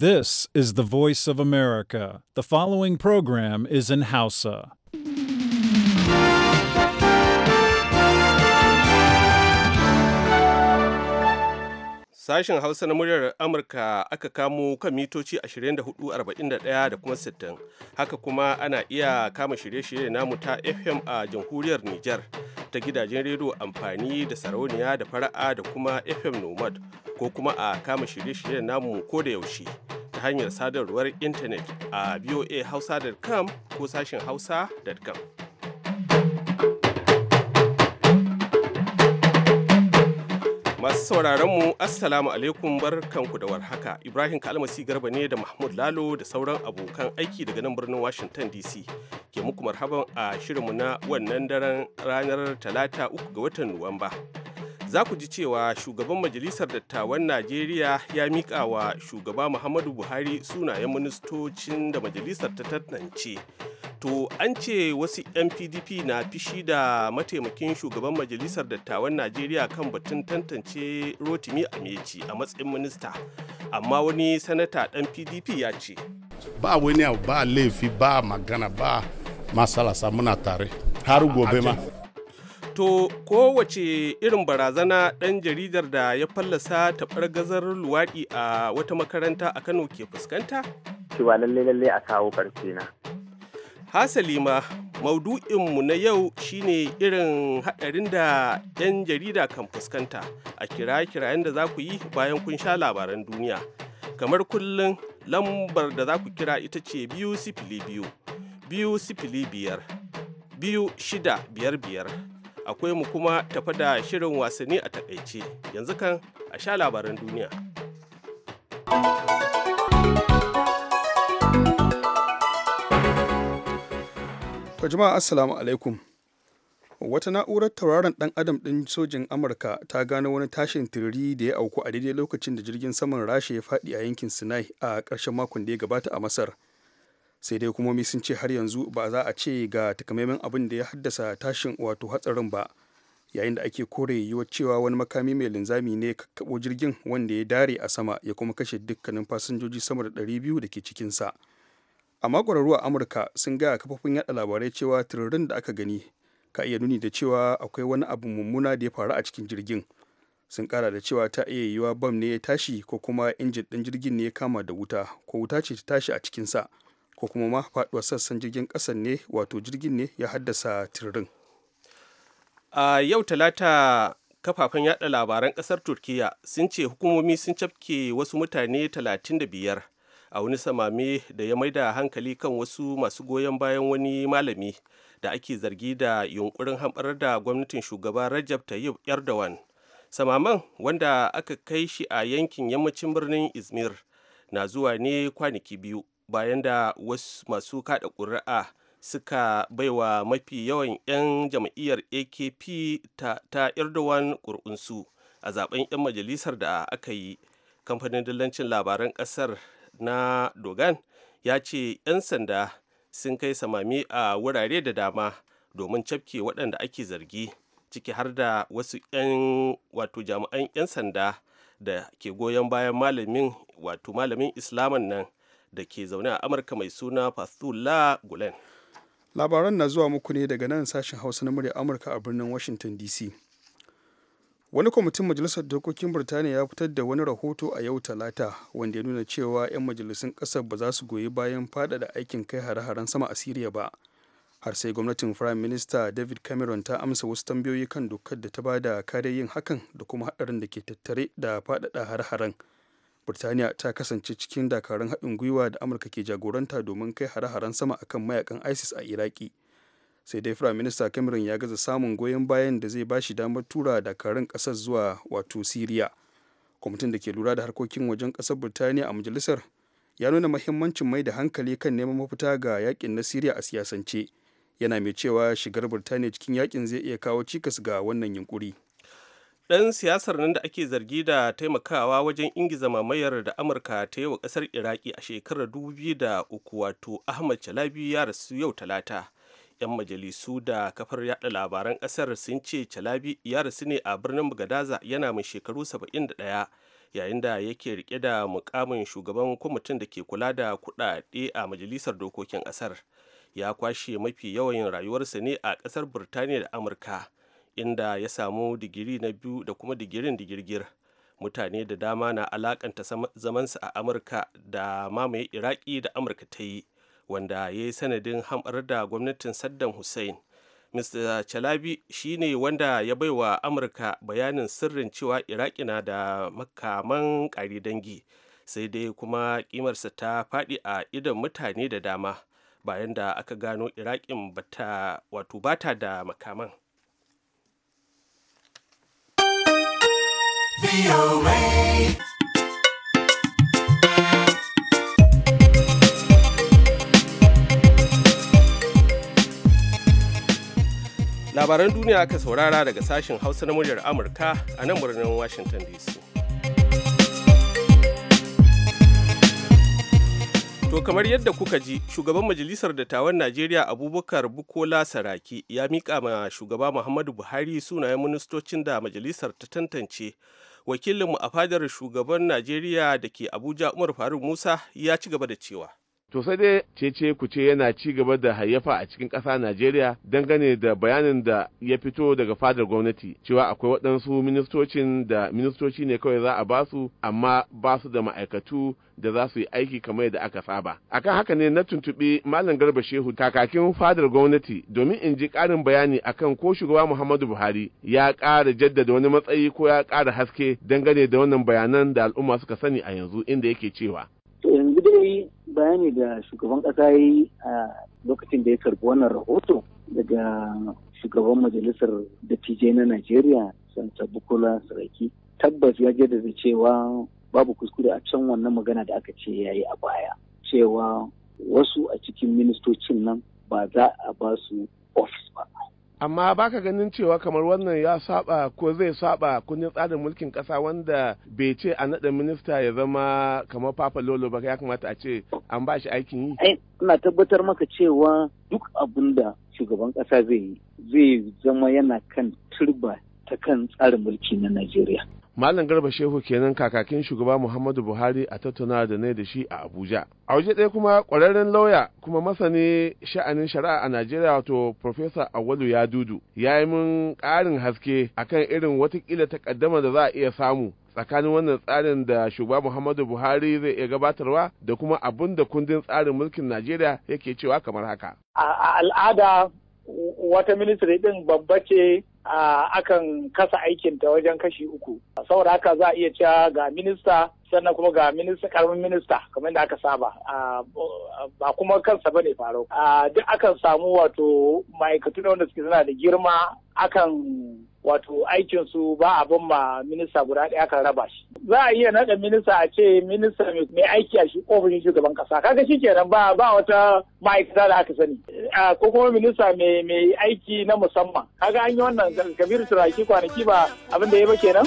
This is the voice of America. The following program is in Hausa. Sashen Hausa na muryar Amurka aka kamo kan mitoci 24,41 da kuma 60. Haka kuma ana iya kama shirye-shirye namu ta FM a jamhuriyar Nijar. ta gidajen rediyo amfani da sarauniya da fara'a da kuma FM Nomad ko kuma a kama shirye-shiryen namu ko da yaushe ta hanyar sadarwar intanet a hausa.com ko sashen hausa.com. Masu sauraron mu Assalamu alaikum barkanku da warhaka. Ibrahim Kalmasi Garba ne da Mahmud Lalo da sauran abokan aiki daga nan birnin Washington DC. Ke muku marhaban a shirinmu na wannan daren ranar Talata uku ga watan Nuwamba. Za ku ji cewa shugaban Majalisar Dattawan Najeriya ya miƙa wa shugaba Muhammadu Buhari sunayen ministocin da majalisar ta tantance. To an ce wasu 'yan PDP na fishi da mataimakin shugaban majalisar dattawan Najeriya kan batun tantance Rotimi Ameci a matsayin minista. Amma wani sanata dan PDP ya ce. Ba wani abu ba laifi ba magana ba masalasa muna tare har gobe ma. To kowace irin barazana ɗan jaridar da ya fallasa taɓar gazar luwaɗi a wata makaranta a Kano ke fuskanta? ba lalle lalle a kawo ƙarfi na. hasali ma maudu'inmu na yau shine irin haɗarin da 'yan jarida kan fuskanta a kira-kirayen da za ku yi bayan kun sha labaran duniya kamar kullum lambar da za ku kira ita ce biyu sifili biyu biyu sifili biyar biyu shida biyar biyar akwai mu kuma tafa da shirin wasanni a taƙaice yanzu kan a sha labaran duniya. To jama'a assalamu alaikum. Wata na'urar tauraron ɗan adam ɗin sojin Amurka ta gano wani tashin tiriri da ya auku a daidai lokacin da jirgin saman Rasha ya faɗi a yankin Sinai a ƙarshen makon da ya gabata a Masar. Sai dai kuma sun ce har yanzu ba za a ce ga takamaiman abin da ya haddasa tashin wato hatsarin ba. Yayin da ake kore yiwuwar cewa wani makami mai linzami ne ya kakkaɓo jirgin wanda ya dare a sama ya kuma kashe dukkanin fasinjoji sama da ɗari biyu da ke cikinsa. sa. a makwararru a amurka sun gaya kafofin yada labarai cewa tururin da aka gani ka iya nuni da cewa akwai wani abu mummuna da ya faru a cikin jirgin sun kara da cewa ta iya yiwuwa bam ne ya tashi ko kuma injin ɗin jirgin ne ya kama da wuta ko wuta ce ta tashi a cikinsa ko kuma ma faɗuwar sassan jirgin kasan ne wato jirgin ne ya haddasa tirin a yau talata kafafen yada labaran kasar turkiya sun ce hukumomi sun cafke wasu mutane 35 a wani samame da ya maida hankali kan wasu masu goyon bayan wani malami da ake zargi da yunkurin hamɓarar da gwamnatin shugaba Rajab Tayyip Erdogan. Samaman wanda aka kai shi a yankin yammacin birnin Izmir na zuwa ne kwanaki biyu bayan da wasu masu kada ƙuri'a suka baiwa mafi yawan 'yan jam'iyyar AKP ta, ta Erdogan ƙuri'unsu a zaben 'yan majalisar da aka yi. Kamfanin dillancin labaran ƙasar na dogan ya ce 'yan sanda sun kai samami a wurare da dama domin cafke waɗanda ake zargi ciki har da wasu 'yan wato jami'an 'yan sanda da ke goyon bayan malamin wato malamin islaman nan da ke zaune a amurka mai suna fasula gulen labaran na zuwa muku ne daga nan sashen hausa na murya amurka a birnin washington dc wani kwamitin majalisar dokokin birtaniya ya fitar da wani rahoto a yau talata wanda ya nuna cewa 'yan majalisun ƙasar ba za su goyi bayan faɗaɗa aikin kai hare-haren sama a siriya ba har sai gwamnatin prime minister david cameron ta amsa wasu tambayoyi kan dokar da ta ba da kare yin hakan da kuma haɗarin da ke tattare da faɗaɗa hare-haren birtaniya ta kasance cikin dakarun haɗin gwiwa da amurka ke jagoranta domin kai hare-haren sama akan mayakan isis a iraki sai dai firayim minista cameron ya gaza samun goyon bayan da zai bashi damar tura da dakarun kasar zuwa wato syria kwamitin da ke lura da harkokin wajen kasar birtaniya a majalisar ya nuna mahimmancin mai da hankali kan neman mafita ga yakin na syria a siyasance yana mai cewa shigar birtaniya cikin yakin zai iya kawo cikas ga wannan yunkuri dan siyasar nan da ake zargi da taimakawa wajen ingiza mamayar da amurka ta yi wa ƙasar iraki a shekarar 2003 wato ahmad chalabi ya rasu yau talata 'yan majalisu da kafar yada labaran kasar sun ce calabi ya rasu ne a birnin bugadaza yana mai shekaru 71 yayin da yake rike da mukamin shugaban kwamitin da ke kula da kudade a majalisar dokokin kasar ya kwashe mafi yawan rayuwarsa ne a kasar birtaniya da amurka inda ya samu digiri na biyu da kuma digirin digirgir mutane da dama na alakanta zamansa a amurka da mamaye iraki da amurka ta yi wanda ya yi sanadin hamɓar da gwamnatin saddam hussein mr chalabi shine wanda ya bai wa amurka bayanin sirrin cewa iraki na da makaman ƙari dangi sai dai kuma kimarsa ta faɗi a idon mutane da dama bayan da aka gano Iraki bata wato bata da makaman labaran duniya aka saurara daga sashen hausa na muryar amurka a nan birnin washington dc to kamar yadda kuka ji shugaban majalisar dattawan najeriya abubakar bukola saraki ya miƙa ma shugaba muhammadu buhari sunayen ministocin da majalisar ta tantance wakilinmu a fadar shugaban najeriya da ke abuja umar faruk musa ya ci gaba da cewa To sai dai cece ce yana ci gaba da hayyafa a cikin ƙasa Najeriya dangane da bayanin da ya fito daga fadar gwamnati cewa akwai waɗansu ministocin da ministoci ne kawai za a ba su amma ba su da ma'aikatu da za su yi aiki kamar da aka saba. Akan haka ne na tuntuɓi Malam Garba Shehu kakakin fadar gwamnati domin in ji ƙarin bayani akan ko shugaba Muhammadu Buhari ya ƙara jaddada wani matsayi ko ya ƙara haske dangane da wannan bayanan da al'umma suka sani a yanzu inda yake cewa. dai bayani da shugaban ƙasa ya yi a lokacin da ya karbi wannan rahoto daga shugaban majalisar dattijai na Najeriya, Santa Bukola Saraki, tabbas ya da cewa babu kuskure a can wannan magana da aka ce ya yi a baya. Cewa wasu a cikin ministocin nan ba za a ba su ofis ba. amma baka ganin cewa kamar wannan ya saba ko zai saba kundin tsarin mulkin kasa wanda bai ce a naɗa minista ya zama kamar papa lolo ba ya kamata a ce an ba shi aikin yi ina tabbatar maka cewa duk abin da shugaban kasa zai zai zama yana kan turba ta kan tsarin mulki na najeriya Malam Garba Shehu kenan kakakin shugaba Muhammadu Buhari a tattauna da ne da shi a Abuja. A waje ɗaya kuma ƙwararren lauya kuma masani sha'anin shari'a a Najeriya wato Profesa Awalu Ya ya yi mun ƙarin haske akan irin watakila takaddama da za a iya samu tsakanin wannan tsarin da shugaba Muhammadu Buhari zai iya gabatarwa da kuma abin da kundin tsarin mulkin Najeriya yake cewa kamar haka. A al'ada wata ministry din babba ce akan kasa aikin ta wajen kashi uku saboda haka za a iya cewa ga minista sannan kuma ga minista karamin minista kamar da aka saba ba kuma kansa ba ne farau duk akan samu wato ma'aikatu wanda suke suna da girma akan wato aikin su ba abin ma minista guda ɗaya kan raba shi za a iya naɗa minista a ce minista mai aiki a shi ofishin shugaban kasa kaga shi kenan ba ba wata ma'aikata da aka sani ko kuma minista mai mai aiki na musamman kaga an yi wannan kabiru turaki kwanaki ba abin da ya ba kenan.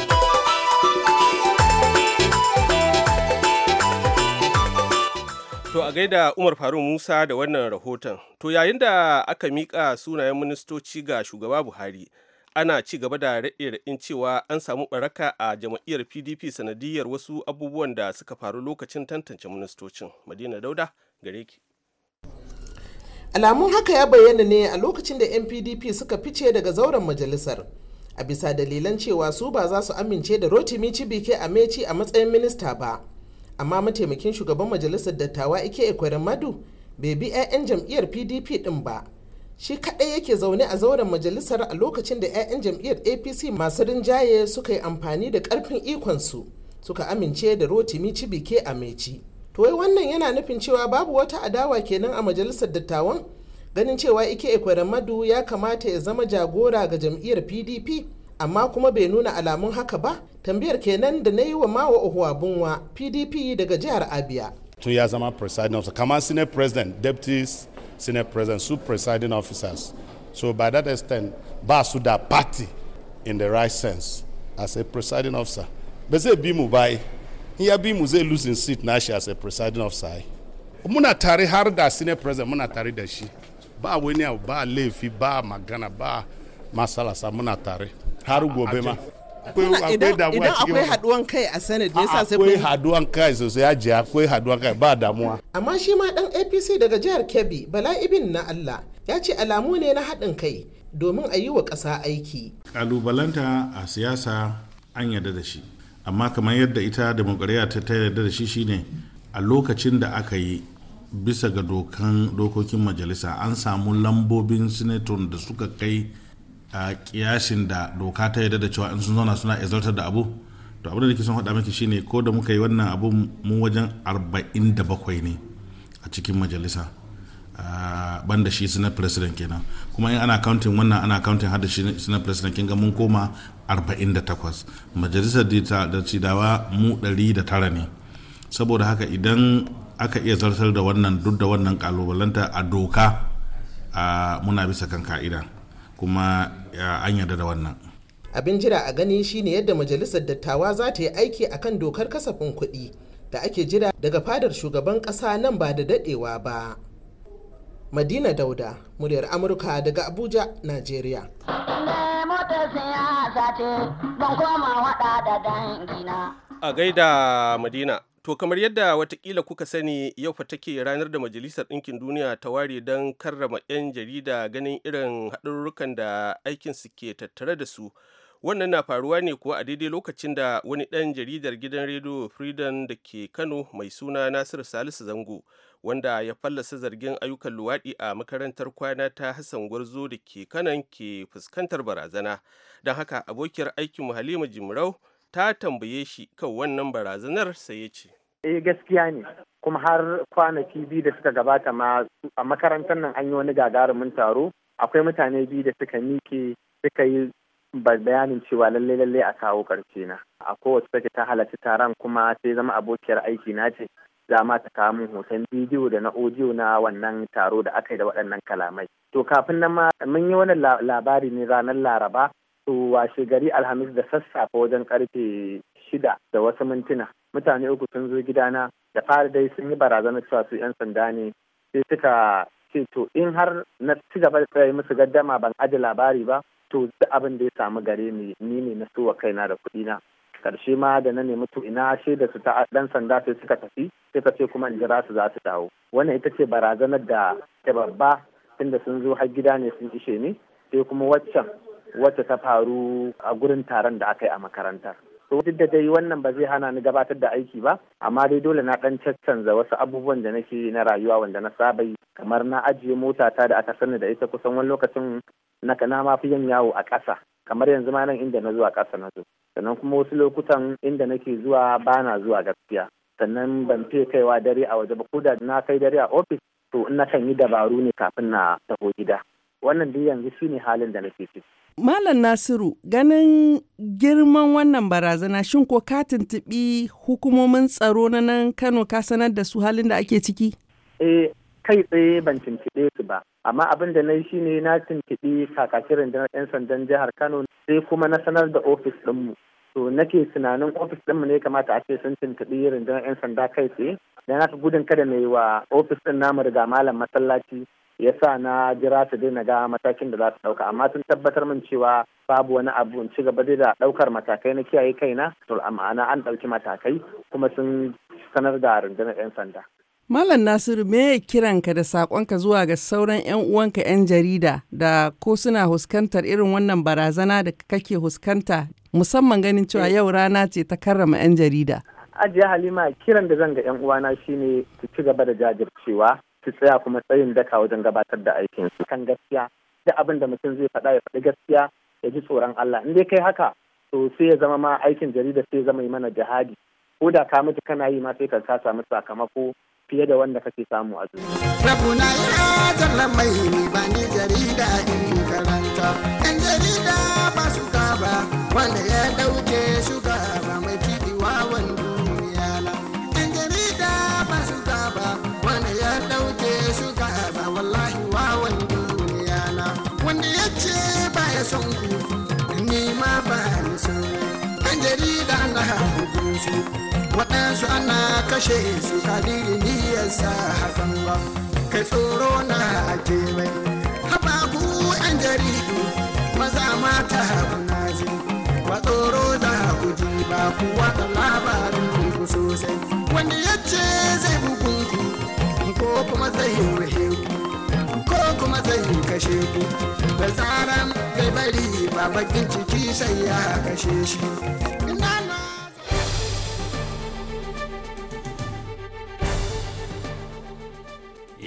To a gaida Umar Faruk Musa da wannan rahoton. To yayin da aka miƙa sunayen ministoci ga shugaba Buhari, ana ci gaba da raɗe-raɗin cewa an samu ɓaraka a jam'iyyar pdp sanadiyar wasu abubuwan da suka faru lokacin tantance ministocin madina dauda gare ki alamun haka ya bayyana ne a lokacin da npdp suka fice daga zauren majalisar a bisa dalilan cewa su ba za su amince da rotimi cibike a meci a matsayin minista ba amma mataimakin shugaban majalisar dattawa ike ekwere madu bai bi 'ya'yan jam'iyyar pdp din ba shi kaɗai yake zaune a zauren majalisar a lokacin da 'ya'yan jam'iyyar apc masu rinjaye suka yi amfani da ƙarfin ikonsu suka amince da rotimi cibike a meci to wai wannan yana nufin cewa babu wata adawa kenan a majalisar dattawan ganin cewa ike ekweremadu ya kamata ya zama jagora ga jam'iyyar pdp amma kuma bai nuna alamun haka ba tambayar kenan da na yi wa mawa ohuwabunwa pdp daga jihar abia to ya zama president kamar senate president deputies senate president su presiding officers so by that extent ba su da party in the right sense as a presiding officer But say Bimu mu here Bimu say mu zai losing seat she as a presiding officer muna tari har da senate president muna tari da shi ba wenya ba laifi ba magana ba masalasa muna tari. har gobe ma idan akwai haduwan kai a senate me sa sai akwai haduwan kai sosai akwai haduwan kai ba damuwa amma shi ma dan APC daga jihar Kebbi Bala Ibin na Allah ya ce alamu ne na haɗin kai domin a yi wa ƙasa aiki ƙalubalanta a siyasa an yarda da shi amma kamar yadda ita demokariya ta yarda da shi shine a lokacin da aka yi bisa ga dokokin majalisa an samu lambobin senator da suka kai a kiyashin da doka ta yarda da cewa in sun zauna suna izartar da abu to abin da nake son faɗa miki shine ko da muka yi wannan abu mu wajen 47 ne a cikin majalisa ban da shi senate president kenan kuma in ana counting wannan ana counting har da shi senate president kin ga mun koma 48 majalisar da cidawa mu 109 ne saboda haka idan aka iya zartar da wannan duk da wannan kalubalanta a doka muna bisa kan ka'ida kuma an yarda da wannan abin jira a gani shine yadda majalisar dattawa za ta yi aiki akan dokar kasafin kuɗi da ake jira daga fadar shugaban ƙasa nan ba da daɗewa ba madina dauda muryar amurka daga abuja nigeria a gaida madina To kamar yadda watakila kuka sani yau fa take ranar da Majalisar Ɗinkin Duniya ta ware don karrama 'yan jarida ganin irin haɗarurrukan da aikinsu ke tattare da su. Wannan na faruwa ne kuwa a daidai lokacin da wani ɗan jaridar gidan rediyo Freedom da ke Kano mai suna Nasiru Salisu Zango wanda ya fallasa zargin ayyukan luwaɗi a makarantar kwana ta Hassan Gwarzo da ke Kanan ke fuskantar barazana. Don haka abokiyar aikinmu Halima Jimrau ta tambaye shi kan wannan barazanar sai ya ce. eh gaskiya ne kuma har kwanaki biyu da suka gabata ma a makarantar nan an yi wani gagarumin taro akwai mutane biyu da suka miƙe suka yi bayanin cewa lalle lalle a kawo karshe na a kowace take ta halarci taron kuma sai zama abokiyar aiki na ce za ma ta kawo min hoton bidiyo da na audio na wannan taro da aka yi da waɗannan kalamai to kafin nan ma mun yi wani labari ne ranar laraba to washe gari alhamis da sassafe wajen karfe shida da wasu mintuna mutane uku sun zo gidana da fara dai sun yi barazanar cewa su 'yan sanda ne sai suka ce to in har na ci gaba da tsaye musu gaddama ban aji labari ba to duk abin da ya samu gare ni ni ne na wa kaina da kuɗi na karshe ma da na nemi to ina shaida su ta dan sanda sai suka tafi sai ka ce kuma in jira su za su dawo wannan ita ce barazanar da ta babba tunda sun zo har gida ne sun ishe ni sai kuma waccan wacce ta faru a gurin taron da aka yi a makarantar to duk da dai wannan ba zai hana ni gabatar da aiki ba amma dai dole na dan canza wasu abubuwan da nake na rayuwa wanda na saba yi kamar na ajiye motata da aka sani da ita kusan wani lokacin na kana ma fi yin yawo a ƙasa kamar yanzu ma nan inda na zuwa ƙasa na zo sannan kuma wasu lokutan inda nake zuwa ba na zuwa gaskiya sannan ban fiye kaiwa dare a waje ba ko da na kai dare a ofis to in na kan yi dabaru ne kafin na taho gida wannan dai yanzu shi ne halin da nake ciki Malam Nasiru ganin girman wannan barazana shin ko ka tuntuɓi hukumomin tsaro na nan Kano ka sanar da su halin da ake ciki? Eh, kai tsaye ban tuntuɓe su ba. Amma abin da na yi shine na tuntuɓi kakakin da 'yan sandan jihar Kano sai kuma na sanar da ofis ɗinmu. To nake tunanin ofis ɗinmu ne kamata a ce sun tuntuɓi rundunar 'yan sanda kai tsaye. na fi gudun kada mai wa ofis ɗin namu riga malam masallaci yasa na jira ta daina ga matakin da za ta ɗauka amma sun tabbatar min cewa babu wani abu in ci gaba dai da ɗaukar matakai na kiyaye kaina to ma'ana an ɗauki matakai kuma sun sanar da rundunar 'yan sanda. Malam Nasiru me kiranka da saƙonka zuwa ga sauran 'yan uwanka 'yan jarida da ko suna huskantar irin wannan barazana da kake huskanta musamman ganin cewa yau rana ce ta karrama 'yan jarida. Ajiya Halima kiran da zan ga 'yan uwana shine su ci gaba da jajircewa su tsaya kuma tsayin daka wajen gabatar da aikin su kan gaskiya da abin da mutum zai faɗa ya faɗi gaskiya ya ji tsoron Allah in dai kai haka to sai ya zama ma aikin jarida sai ya zama yi mana jihadi ko da ka mutu kana yi ma sai ka samu sakamako fiye da wanda kake samu a zuciya. mai ni jarida jarida ba ba wanda ya ɗauke su waɗansu ana kashe su kadiri niyarsa hakan ba kai tsoro na ake mai ku yan jaridu maza mata na ji ba tsoro za ku ji ba ku watsa labarin ku sosai wanda ya ce zai bugun ku ko kuma zai yi ku ko kuma zai kashe ku da tsaran bai bari ba bakin ciki sai ya kashe shi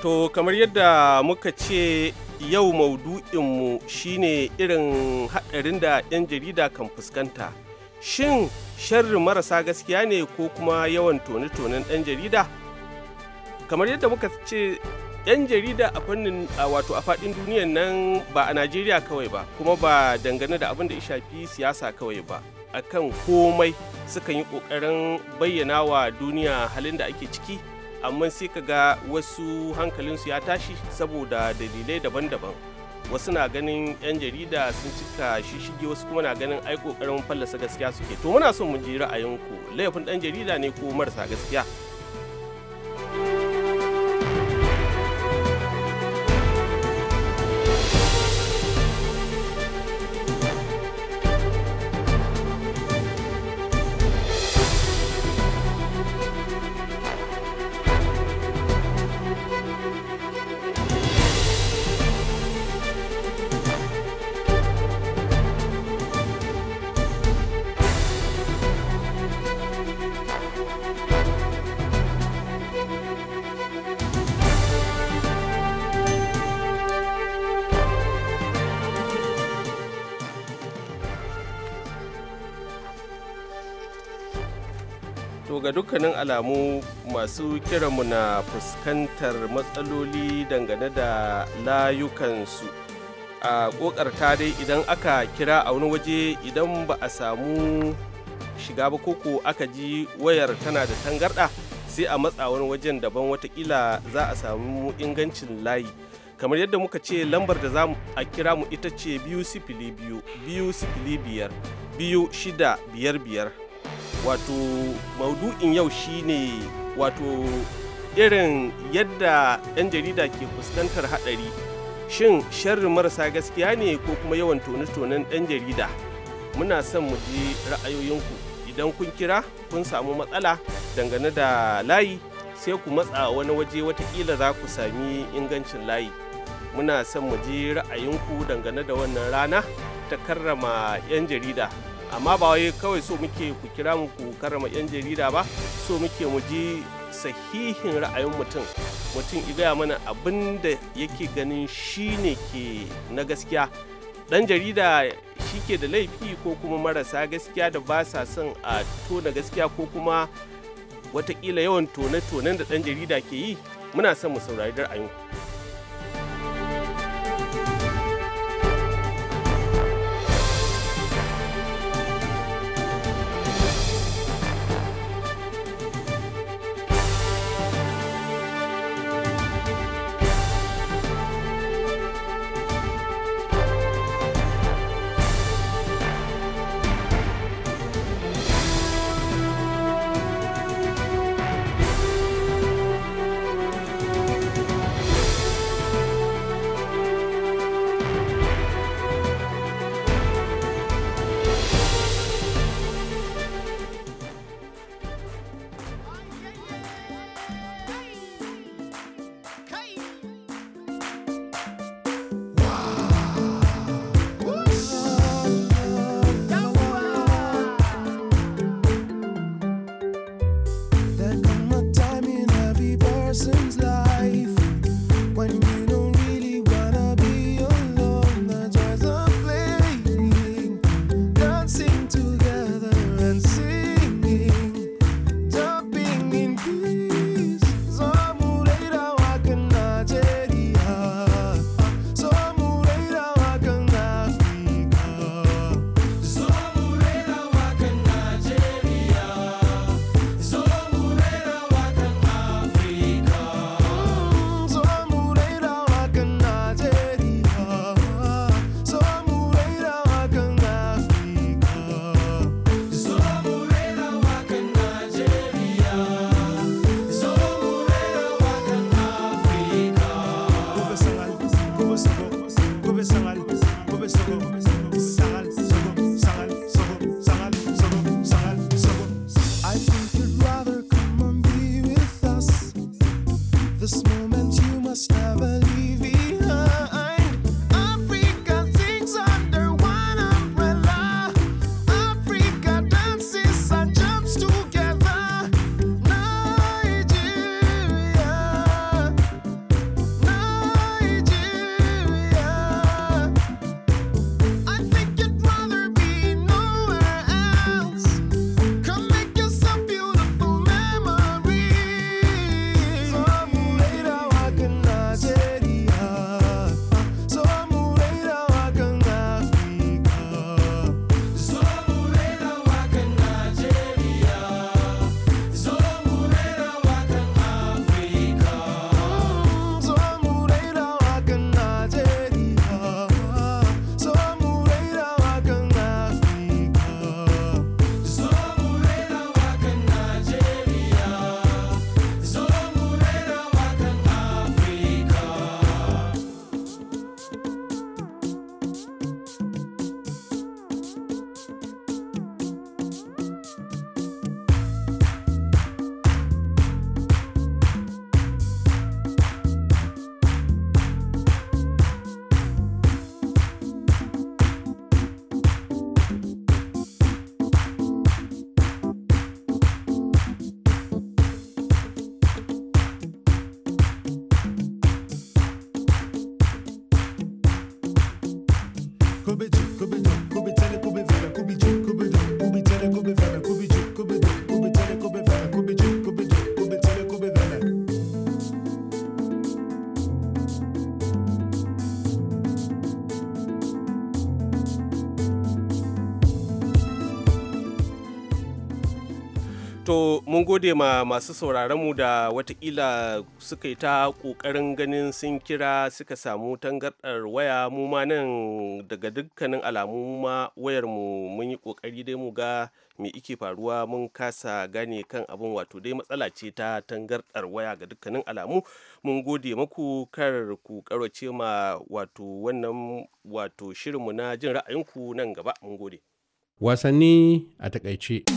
to kamar yadda muka ce yau maudu'inmu shine irin haɗarin da 'yan jarida kan fuskanta shin sharrin marasa gaskiya ne ko kuma yawan tone-tonen ɗan jarida kamar yadda muka ce 'yan jarida a fannin wato a faɗin duniyan nan ba a najeriya kawai ba kuma ba dangane da abin da ya shafi siyasa kawai ba akan komai sukan yi ƙoƙarin bayyana wa duniya halin da ake ciki amma sai ka ga wasu hankalinsu ya tashi saboda dalilai daban-daban wasu na ganin 'yan jarida sun cika shishige wasu kuma na ganin ai kokarin fallasa gaskiya suke to muna son mu ji ra'ayinku laifin ɗan jarida ne ko marasa gaskiya ga dukkanin alamu masu kiranmu na fuskantar matsaloli dangane da layukansu a kokarta dai idan aka kira a wani waje idan ba a samu shiga ba koko aka ji wayar tana da tangarɗa sai a matsa wani wajen daban watakila za a samu ingancin layi kamar yadda muka ce lambar da za a kira mu ita ce biyu sifili biyu biyu sifili biyar biyu shida biyar biyar wato maudu'in yau shine wato irin yadda 'yan jarida ke fuskantar haɗari shin sharrin marasa gaskiya ne ko kuma yawan tone-tonen 'yan jarida muna son mu ji ra'ayoyinku idan kun kira kun samu matsala dangane da layi sai ku matsa wani waje watakila za ku sami ingancin layi muna son mu ji ra'ayinku dangane da wannan rana ta karrama 'yan jarida amma ba wai kawai so muke ku kira mu ku karrama 'yan jarida ba so muke mu ji sahihin ra'ayin mutum mutum gaya mana abin da yake ganin shi ne ke na gaskiya ɗan jarida shi ke da laifi ko kuma marasa gaskiya da ba sa son a tona gaskiya ko kuma watakila yawan tone-tonen da ɗan jarida ke yi muna son mu saurari ra'ayinku this morning. To mun gode ma masu sauraronmu da watakila suka yi ta ƙoƙarin ganin sun kira suka samu tangarɗar waya mu ma nan daga dukkanin alamu ma wayarmu mun yi ƙoƙari dai mu ga me ike faruwa mun kasa gane kan abin wato dai matsala ce ta tangarɗar waya ga dukkanin alamu mun gode maku kar ku karwace ma wato wannan wato shirinmu na jin ra'ayinku nan gaba mun gode. Wasanni a takaice.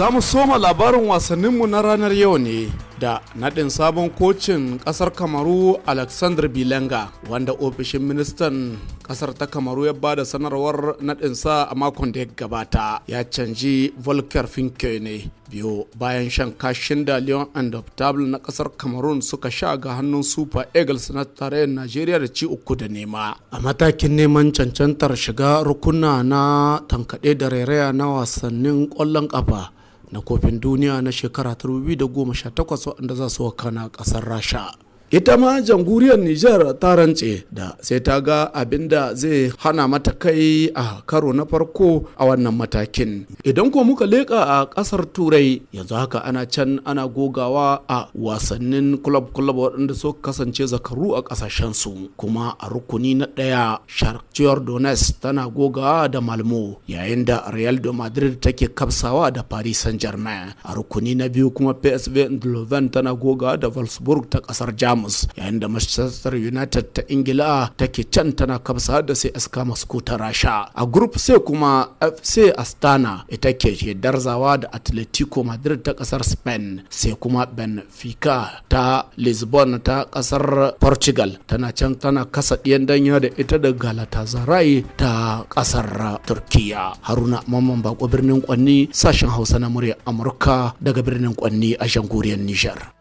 Za mu soma labarin wasanninmu na ranar yau ne da naɗin sabon kocin ƙasar Kamaru Alexander Bilenga wanda ofishin ministan ƙasar ta Kamaru ya bada sanarwar sa a makon da ya gabata ya canji Volker Finke ne biyo bayan shan kashin da Leon Undoptable na ƙasar Kamarun suka sha ga hannun Super Eagles na tarayyar nigeria da ci uku da nema. A matakin neman cancantar shiga rukuna na tankaɗe da rairaya na wasannin ƙwallon ƙafa na kofin duniya na shekara 2018 waɗanda za su wakana ƙasar rasha ita ma jamhuriyar niger ta rantse da sai ta ga abin da zai hana mata kai a karo na farko a wannan matakin idan ko muka leƙa a ƙasar turai yanzu haka ana can ana gogawa a wasannin club club waɗanda suka kasance zakaru a ƙasashen su. kuma a rukuni na ɗaya sharkciyar donets tana gogawa da malmo yayin da real de madrid take kafsawa da paris saint germain a rukuni na biyu kuma psv eindhoven tana gogawa da wolfsburg ta ƙasar jam. jamus yayin da manchester united ta ingila take can tana kamsa da sai sk moscow ta rasha a group sai kuma fc astana ita ke darzawa da atletico madrid ta kasar spain sai kuma benfica ta lisbon ta kasar portugal tana can tana kasa ɗiyan danya da ita da galatasaray ta kasar turkiya haruna mamman bako birnin kwanni sashen hausa na murya amurka daga birnin kwanni a shangoriyar niger.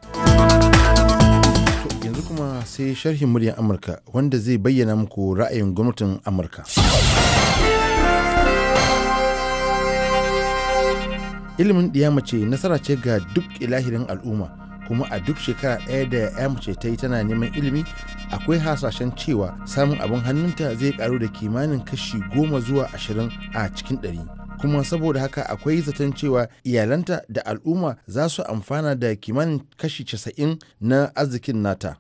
sai sharhin muryar Amurka wanda zai bayyana muku ra'ayin gwamnatin Amurka. Ilimin ɗiya nasara ce ga duk ilahirin al'umma kuma a duk shekara ɗaya da ya ta yi tana neman ilimi akwai hasashen cewa samun abin hannunta zai karu da kimanin kashi goma zuwa ashirin a cikin ɗari. kuma saboda haka akwai zaton cewa iyalanta da al'umma za su amfana da kimanin kashi 90 na arzikin nata.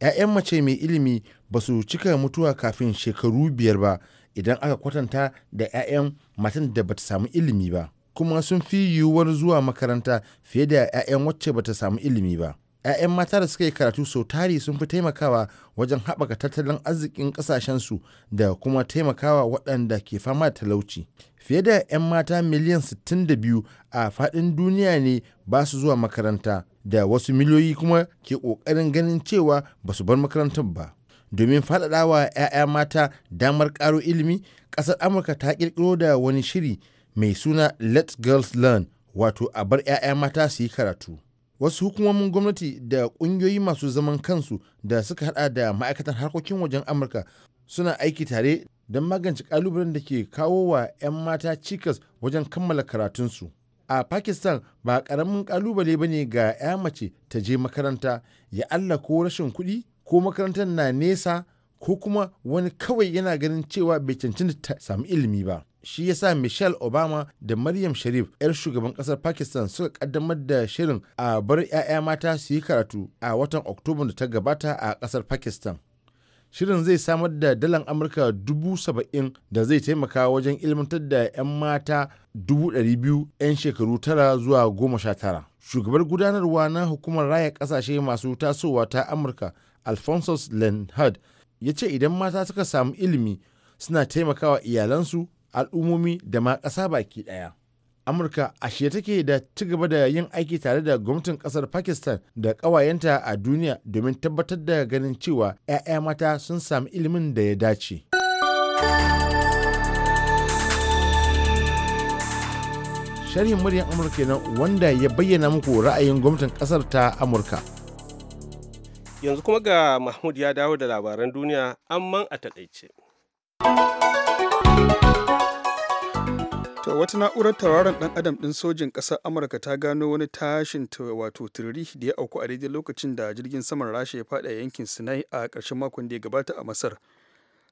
'ya'yan mace mai ilimi ba su cika mutuwa kafin shekaru biyar ba idan aka kwatanta da 'ya'yan matan da bata samu ilimi ba kuma sun fi yiwuwar zuwa makaranta fiye da 'ya'yan wacce ta samu ilimi ba 'ya'yan mata da suka yi karatu sau tari sun fi taimakawa wajen haɓaka tattalin arzikin ƙasashensu da kuma taimakawa waɗanda ke fama da talauci fiye da 'yan mata miliyan 62 a faɗin duniya ne ba su zuwa makaranta da wasu miliyoyi kuma ke ƙoƙarin ganin cewa ba su bar makarantar ba. Domin faɗaɗawa 'ya'ya mata damar ƙaro ilimi, ƙasar Amurka ta ƙirƙiro da wani shiri mai suna Let Girls Learn, wato a bar 'ya'ya mata su yi karatu. Wasu hukumomin gwamnati da ƙungiyoyi masu zaman kansu da suka haɗa da ma'aikatan harkokin wajen Amurka suna aiki tare don magance ƙalubalen da ke kawo wa 'yan mata cikas wajen kammala karatunsu. a Pakistan ba karamin kalubale ba ne ga 'ya mace ta je makaranta ya Allah ko rashin kuɗi ko makarantar na nesa ko kuma wani kawai yana ganin cewa bai cancanta ta samu ilimi ba. Shi ya sa Michelle Obama da Maryam Sharif 'yar shugaban kasar Pakistan suka kaddamar da shirin a bar 'ya'ya mata su yi karatu a watan Oktoba da ta gabata a kasar Pakistan. Shirin zai samar da Dalan Amurka dubu saba'in da zai taimaka wajen ilmantar da 'yan mata biyu 'yan shekaru tara zuwa goma sha tara. Shugabar gudanarwa na Hukumar Raya Ƙasashe Masu Tasowa ta Amurka, Alphonsus Lenhard, ya ce idan mata suka samu ilimi suna taimakawa iyalansu, al'ummomi da ma ƙasa baki ɗaya. amurka a shi take da ci gaba da yin aiki tare da gwamnatin kasar pakistan da kawayenta a duniya domin tabbatar da ganin cewa 'ya'ya mata sun sami ilimin da ya dace sharhin muryar amurka na wanda ya bayyana muku ra'ayin gwamnatin kasar ta amurka yanzu kuma ga mahmud ya dawo da labaran duniya amman a taƙaice. to wata na'urar tauraron dan adam din sojin kasar amurka ta gano wani tashin wato tiriri da ya auku a daidai lokacin da jirgin saman rasha ya fada yankin sinai a karshen makon da ya gabata a masar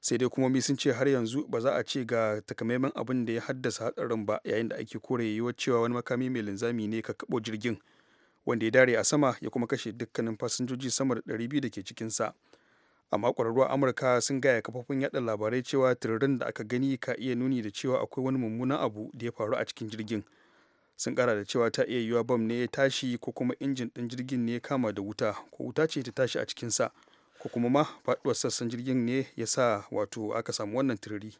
sai dai kuma sun ce har yanzu ba za a ce ga takamaiman abin da ya haddasa hatsarin ba yayin da ake kore yiwuwar cewa wani makami mai linzami ne ka kabo jirgin wanda ya dare a sama ya kuma kashe dukkanin fasinjoji sama da 200 da ke cikinsa. sa amma kwararru amurka sun gaya kafafun yada labarai cewa tiririn da aka gani ka iya nuni da cewa akwai wani mummunan abu da ya faru a cikin jirgin sun kara da cewa ta iya yiwuwa bam ne ya tashi ko kuma injin din jirgin ne ya kama da wuta ko wuta ce ta tashi a cikin sa ko kuma ma faɗuwar sassan jirgin ne ya sa wato aka samu wannan tiriri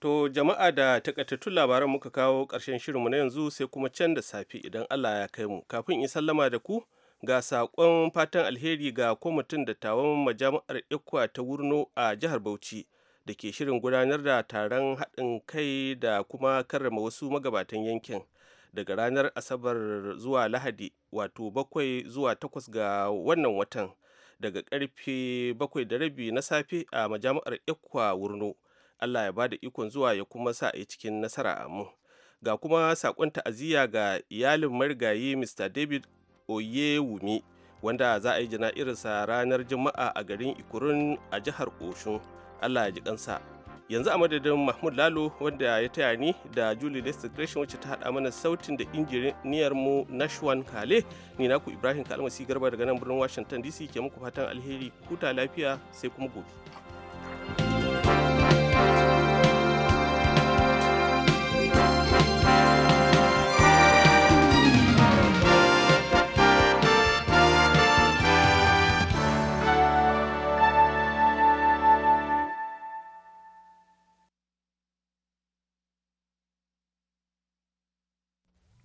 To jama'a da takaitattun labaran muka kawo ƙarshen shirinmu na yanzu sai kuma can da safi idan Allah ya kai mu. Kafin in sallama da ku, ga saƙon fatan alheri ga kwamitin dattawan majami'ar ikwa ta wurno a jihar bauchi da ke shirin gudanar da taron haɗin kai da kuma karrama wasu magabatan yankin daga ranar asabar zuwa lahadi wato bakwai zuwa takwas ga wannan watan daga karfe bakwai da rabi na safe a majami'ar ikwa wurno allah ya bada ikon zuwa ya kuma sa a cikin nasara amin ga kuma saƙon ta'aziyya ga iyalin marigayi mr david oyewumi wanda za a yi jana'irinsa ranar juma'a a garin ikurun a jihar oshun allah ya ji kansa yanzu a madadin mahmud lalo wanda ya taya ni da julie lester gresham wacce ta haɗa mana sautin da injiniyar mu nashwan kale ni naku ibrahim kalmasi garba daga nan birnin washington dc ke muku fatan alheri kuta lafiya sai kuma gobe